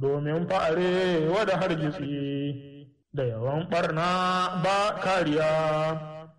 domin fa'are wada hargitsi da yawan ɓarna ba kariya.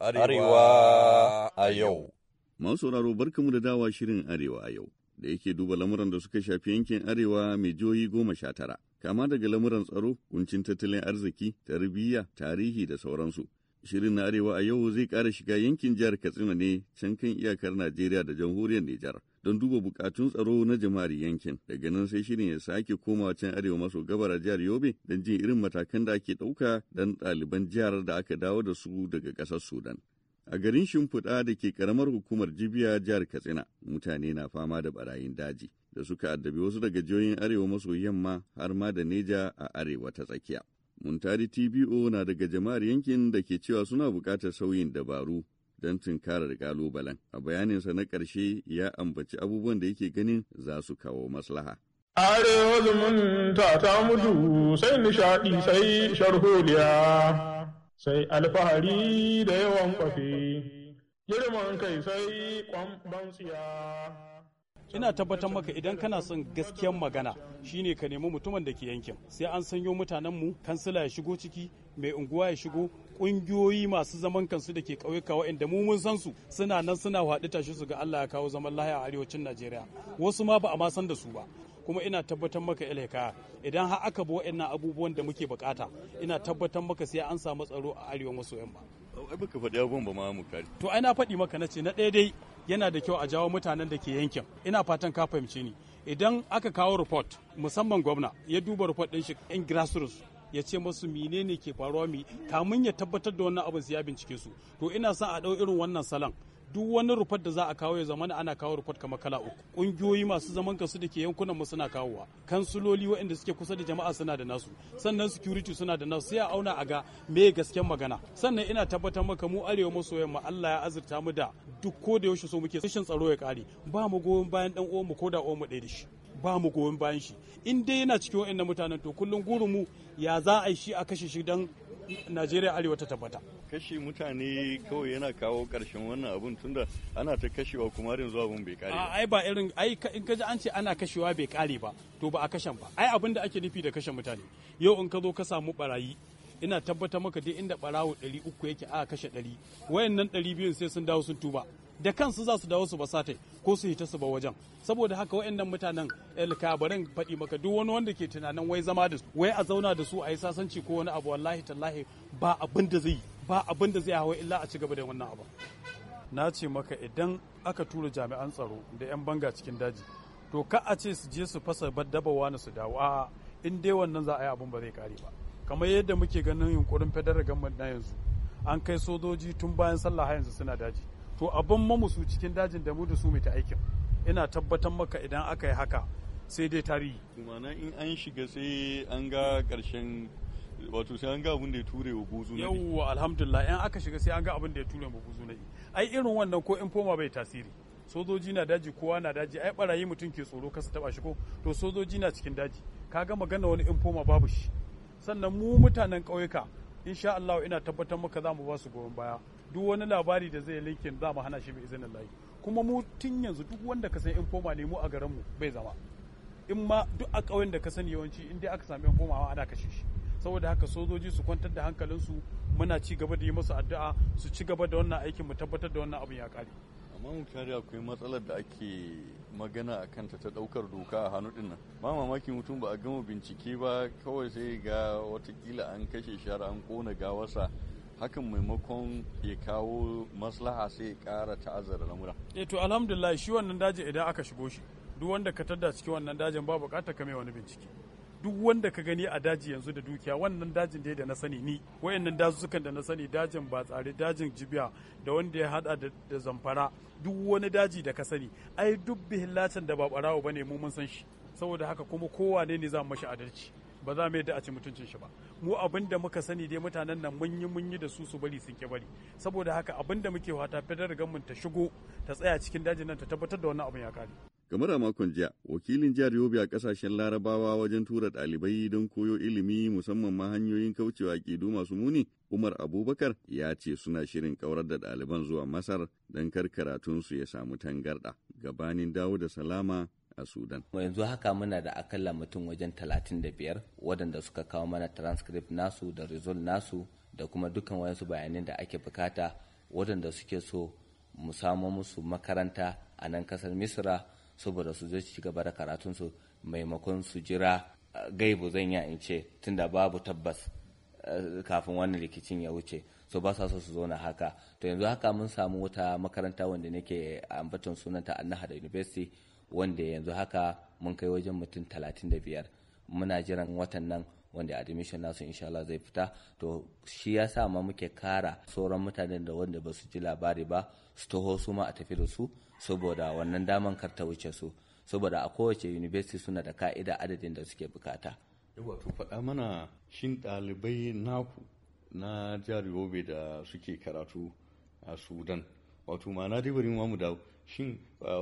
Arewa a yau Masu sauraro barkamu da dawa shirin Arewa a yau, da yake duba lamuran da suka shafi yankin Arewa mai jihohi goma sha tara, kama daga lamuran tsaro, kuncin tattalin arziki, tarbiyya, tarihi da sauransu. Shirin na Arewa a yau zai ƙara shiga yankin jihar Katsina ne can kan iyakar Najeriya da jamhuriyar Nijar. don duba bukatun tsaro na jama'ar yankin daga nan sai shirin ya sake komawa can arewa maso gabar a jihar yobe don jin irin matakan da ake ɗauka don ɗaliban jihar da aka dawo da su daga ƙasar sudan a garin shimfiɗa da ke karamar hukumar jibiya jihar katsina mutane na fama da barayin daji da suka addabi wasu daga jihohin arewa maso yamma har ma da neja a arewa ta tsakiya muntari tbo na daga jama'ar yankin da ke cewa suna buƙatar sauyin dabaru don tunkarar kalubalen. A bayaninsa na ƙarshe ya ambaci abubuwan da yake ganin za su kawo maslaha. Arewa zumunta ta mutu sai nishaɗi sai sharholiya sai alfahari da yawan kwafe, girman kai sai kwamban tsiya. ina tabbatar maka idan kana son gaskiyar magana shine ka nemi mutumin da ke yankin sai an sanyo mutanenmu kansila ya shigo ciki mai unguwa ya shigo kungiyoyi masu zaman kansu da ke ƙauyuka waɗanda mu mun san su suna nan suna haɗu tashi su ga Allah ya kawo zaman lahiya a arewacin Najeriya wasu ma ba a ma san da su ba kuma ina tabbatar maka ilaika idan har aka bi waɗannan abubuwan da muke bukata ina tabbatar maka sai an samu tsaro a arewa maso yamma ai baka faɗi abun ba ma mu kare to ai na faɗi maka nace na ɗaya dai yana da kyau a jawo mutanen da ke yankin ina fatan ka fahimce ni idan aka kawo report musamman gwamna ya duba report ɗin shi in grassroots ya ce musu menene ke faruwa mi kamun ya tabbatar da wannan abin su ya bincike su to ina son a ɗau irin wannan salon duk wani rufar da za a kawo ya zamana ana kawo rufat kamar kala uku ƙungiyoyi masu zaman kansu da ke yankunan mu suna kawowa kansuloli waɗanda suke kusa da jama'a suna da nasu sannan security suna da nasu sai a auna a ga me gasken magana sannan ina tabbatar maka mu arewa maso yamma Allah ya azurta mu da duk ko da yaushe so muke rashin tsaro ya kare ba mu goyon bayan dan uwan mu ko da uwan mu ɗaya da shi ba mu goyon bayan shi in dai yana cikin na mutanen to kullum gurin mu ya za a yi shi a kashe shi don najeriya arewa ta tabbata kashe mutane kawai yana kawo karshen wannan abun tunda ana ta kashewa kuma har yanzu abun bai kare ba ai ba irin ai in ji an ce ana kashewa bai kare ba to ba a kashen ba ai abin da ake nufi da kashe mutane yau in ka zo ka samu barayi ina tabbatar maka duk inda barawo 300 yake a kashe 100 wayannan 200 sai sun dawo sun tuba da kansu za su dawo su ba satai ko su hita su ba wajen saboda haka waɗannan mutanen alkabarin faɗi maka duk wani wanda ke tunanin wai zama da su wai a zauna da su a yi sasanci ko wani abu wallahi tallahi ba abin da zai ba abin da zai hawa illa a ci gaba da wannan abu na ce maka idan aka tura jami'an tsaro da 'yan banga cikin daji to ka a ce su je su fasa baddabawa na su dawo a in dai wannan za a yi abin ba zai kare ba kamar yadda muke ganin yunkurin federal government na yanzu an kai sojoji tun bayan sallah yanzu suna daji to abin mamusu cikin dajin da mu da su mai ta aikin ina tabbatar maka idan aka yi haka sai dai tarihi kuma in an shiga sai an ga karshen wato sai an ga abin da ya ture wa buzu na yawwa alhamdulillah in aka shiga sai an ga abin da ya ture wa buzu na ai irin wannan ko in foma bai tasiri sojoji na daji kowa na daji ai barayi mutum ke tsoro kasa taba shi ko to sojoji na cikin daji ka kaga magana wani infoma babu shi sannan mu mutanen kauyuka insha Allah ina tabbatar maka za mu ba su goyon baya duk wani labari da zai linkin za mu hana shi bi izinin layi kuma mu tun yanzu duk wanda ka san informa ne mu a mu bai zama in ma duk a ƙauyen da ka sani yawanci in dai aka sami informa ana kashe shi saboda haka sojoji su kwantar da hankalinsu muna ci gaba da yi masu addu'a su ci gaba da wannan aikin mu tabbatar da wannan abin ya kare amma mu kare akwai matsalar da ake magana a kanta ta daukar doka a hannu din nan ba mamaki mutum ba a gama bincike ba kawai sai ga watakila an kashe shara an kona gawarsa hakan maimakon ya kawo maslaha sai ya kara ta'azzara lamura eh to alhamdulillah shi wannan dajin idan aka shigo shi duk wanda ka tadda cikin wannan dajin ba bukatar ka mai wani bincike duk wanda ka gani a daji yanzu da dukiya wannan dajin da da na sani ni wayannan dazuzzukan da na sani dajin ba tsare dajin jibiya da wanda ya hada da zamfara duk wani daji da ka sani ai duk bihillacin da ba barawo bane mu mun san shi saboda haka kuma kowa ne ne za mu mashi adalci ba za mu yadda a ci mutuncin shi ba mu abin da muka sani dai mutanen nan mun yi mun yi da su su bari sun ke bari saboda haka abin da muke wata da gamun ta shigo ta tsaya cikin dajin nan ta tabbatar da wannan abin ya kare kamar a makon jiya wakilin jihar yobe a kasashen larabawa wajen tura ɗalibai don koyo ilimi musamman ma hanyoyin kaucewa duma masu muni umar abubakar ya ce suna shirin kaurar da ɗaliban zuwa masar don kar karatunsu ya samu tangarɗa gabanin dawo da salama a Sudan. Yanzu haka muna da akalla mutum wajen 35 wadanda suka kawo mana transcript nasu da result nasu da kuma dukkan wayansu bayanan da ake bukata wadanda suke so mu samo musu makaranta a nan kasar misira saboda su zai ci gaba da karatunsu maimakon su jira gaibu zan ya in ce tunda babu tabbas kafin wannan rikicin ya wuce so ba sa so su zauna haka to yanzu haka mun samu wata makaranta wanda nake ambaton sunanta annahar university wanda yanzu haka mun kai wajen mutum 35 muna jiran watan nan wanda admission nasu insha Allah zai fita to shi ya sa ma muke kara sauran mutanen da wanda ba su ji labari ba su taho su ma a tafi da su saboda wannan daman kar ta wuce su saboda a kowace university suna da ka'ida adadin da suke bukata wato faɗa mana shin ɗalibai naku na jihar yobe da suke karatu a sudan wato ma'ana dai bari mu dawo shin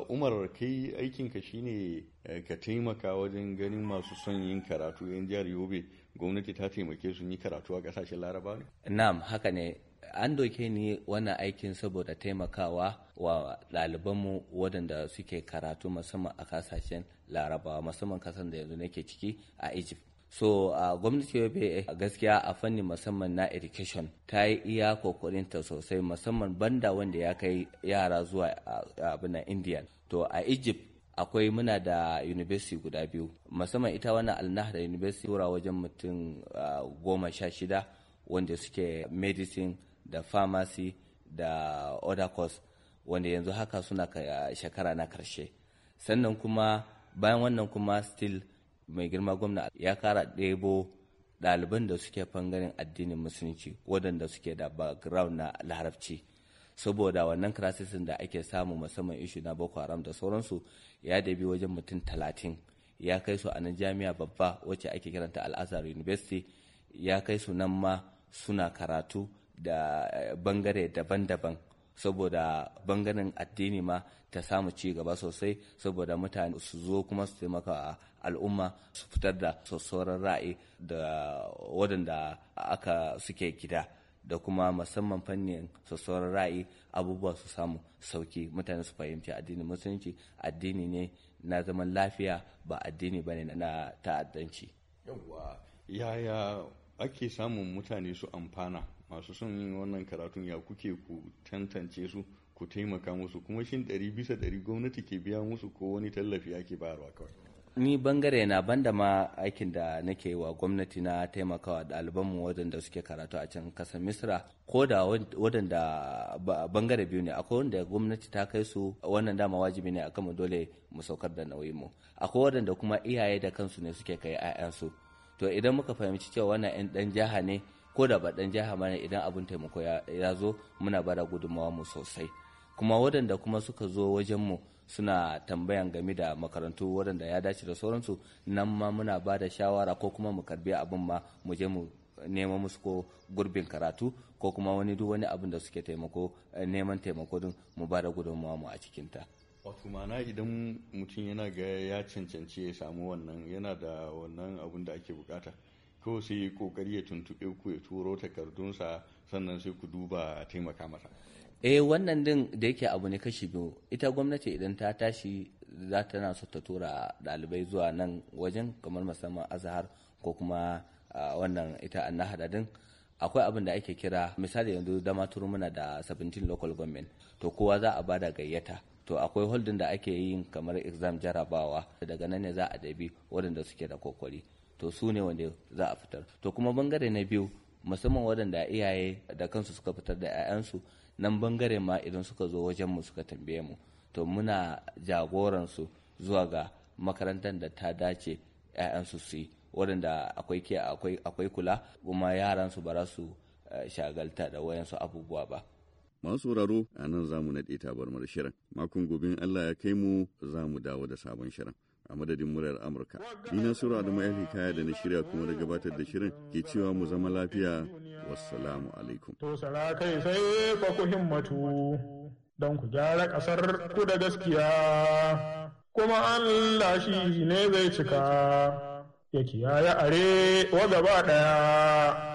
umar kai aikinka shine eh, ka taimaka wajen ganin masu son yin karatu yan jihar yobe gwamnati ta taimake su yi karatu a kasashen laraba ne na'am haka ne an doke ni wannan aikin saboda taimakawa wa ɗalibanmu waɗanda suke karatu musamman a kasashen larabawa musamman kasan da yanzu nake ciki a egypt so a gwamnati yobe gaskiya a fannin musamman na education ta yi iya kokorinta sosai musamman banda wanda ya kai yara zuwa abin indiya to a egypt akwai muna da university guda biyu musamman ita wannan alnahda university tura wajen mutum goma sha shida wanda suke medicine da pharmacy da other course wanda yanzu haka suna shekara na karshe sannan kuma bayan wannan kuma still mai girma gwamna ya kara ɗebo ɗaliban da suke fangaren addinin musulunci waɗanda suke da background na larabci saboda wannan krasisin da ake samu musamman ishu na boko haram da sauransu ya dabi wajen mutum talatin ya kai su a nan jami'a babba wacce ake kiranta al'azhar university ya kai su nan ma suna karatu da eh, bangare daban-daban saboda bangaren addini ma ta samu ci gaba sosai saboda mutane su zo kuma su taimaka a al'umma su fitar da sosoran ra'ayi da waɗanda aka suke gida da kuma musamman fannin sosoran ra'ayi abubuwa su samu sauki mutane su fahimci addini musulunci addini ne na zaman lafiya ba addini ba ne na ta'addanci yaya ake samun mutane su amfana masu son yin wannan karatun ya kuke ku tantance su ku taimaka musu kuma shin ɗari bisa ɗari gwamnati ke biya musu ko wani tallafi ake bayarwa kawai ni bangare na ban da ma aikin da nake wa gwamnati na taimakawa ɗalibanmu waɗanda suke karatu a can ƙasar misra ko da waɗanda bangare biyu ne akwai wanda gwamnati ta kai su wannan dama wajibi ne akan mu dole mu saukar da nauyinmu mu akwai wadanda kuma iyaye da kansu ne suke kai 'ya'yansu to idan muka fahimci cewa wannan 'yan ɗan jiha ne ko da baɗan jiha mana idan abin taimako ya zo muna bada gudunmawa mu sosai kuma waɗanda kuma suka zo wajen mu suna tambayan game da makarantu waɗanda ya dace da sauransu nan ma muna ba da shawara ko kuma mu karbi abin ma mu je mu neman musu ko gurbin karatu ko kuma wani duk wani abin da suke taimako eh, neman taimako din mu ba da gudunmawa mu a cikinta. wato mana idan mutum yana ga ya cancanci ya samu wannan yana da wannan abin da ake bukata ko sai ya kokari ya tuntube ku ya turo takardunsa sannan sai ku duba a taimaka masa eh wannan din da yake abu ne kashi biyu ita gwamnati idan ta tashi za ta na so ta tura dalibai zuwa nan wajen kamar musamman azahar ko kuma wannan ita na hadadin akwai abin da ake kira misali yanzu dama turu muna da 17 local government to kowa za a bada gayyata to akwai holding da ake yin kamar exam jarabawa daga nan ne za a dabi waɗanda suke da kokwari to su ne wanda za a fitar to kuma bangare na biyu musamman waɗanda iyaye da kansu suka fitar da 'ya'yansu nan bangare ma idan suka zo wajen mu suka tambaye mu to muna jagoransu zuwa ga makarantar da ta dace 'ya'yansu su yi waɗanda akwai ke akwai kula kuma yaransu ba za su eh, shagalta da wayansu abubuwa ba masu sauraro a nan zamu mu naɗe tabar shirin makon gobin Allah ya kai mu zamu dawo da sabon shirin a madadin muryar Amurka. Ni na Sura Adamu ya kaya da na shirya kuma da gabatar da shirin ke cewa mu zama lafiya wassalamu alaikum. To kai sai ba ku himmatu don ku gyara ƙasar ku da gaskiya kuma Allah shi ne zai cika ya kiyaye are wa gaba ɗaya.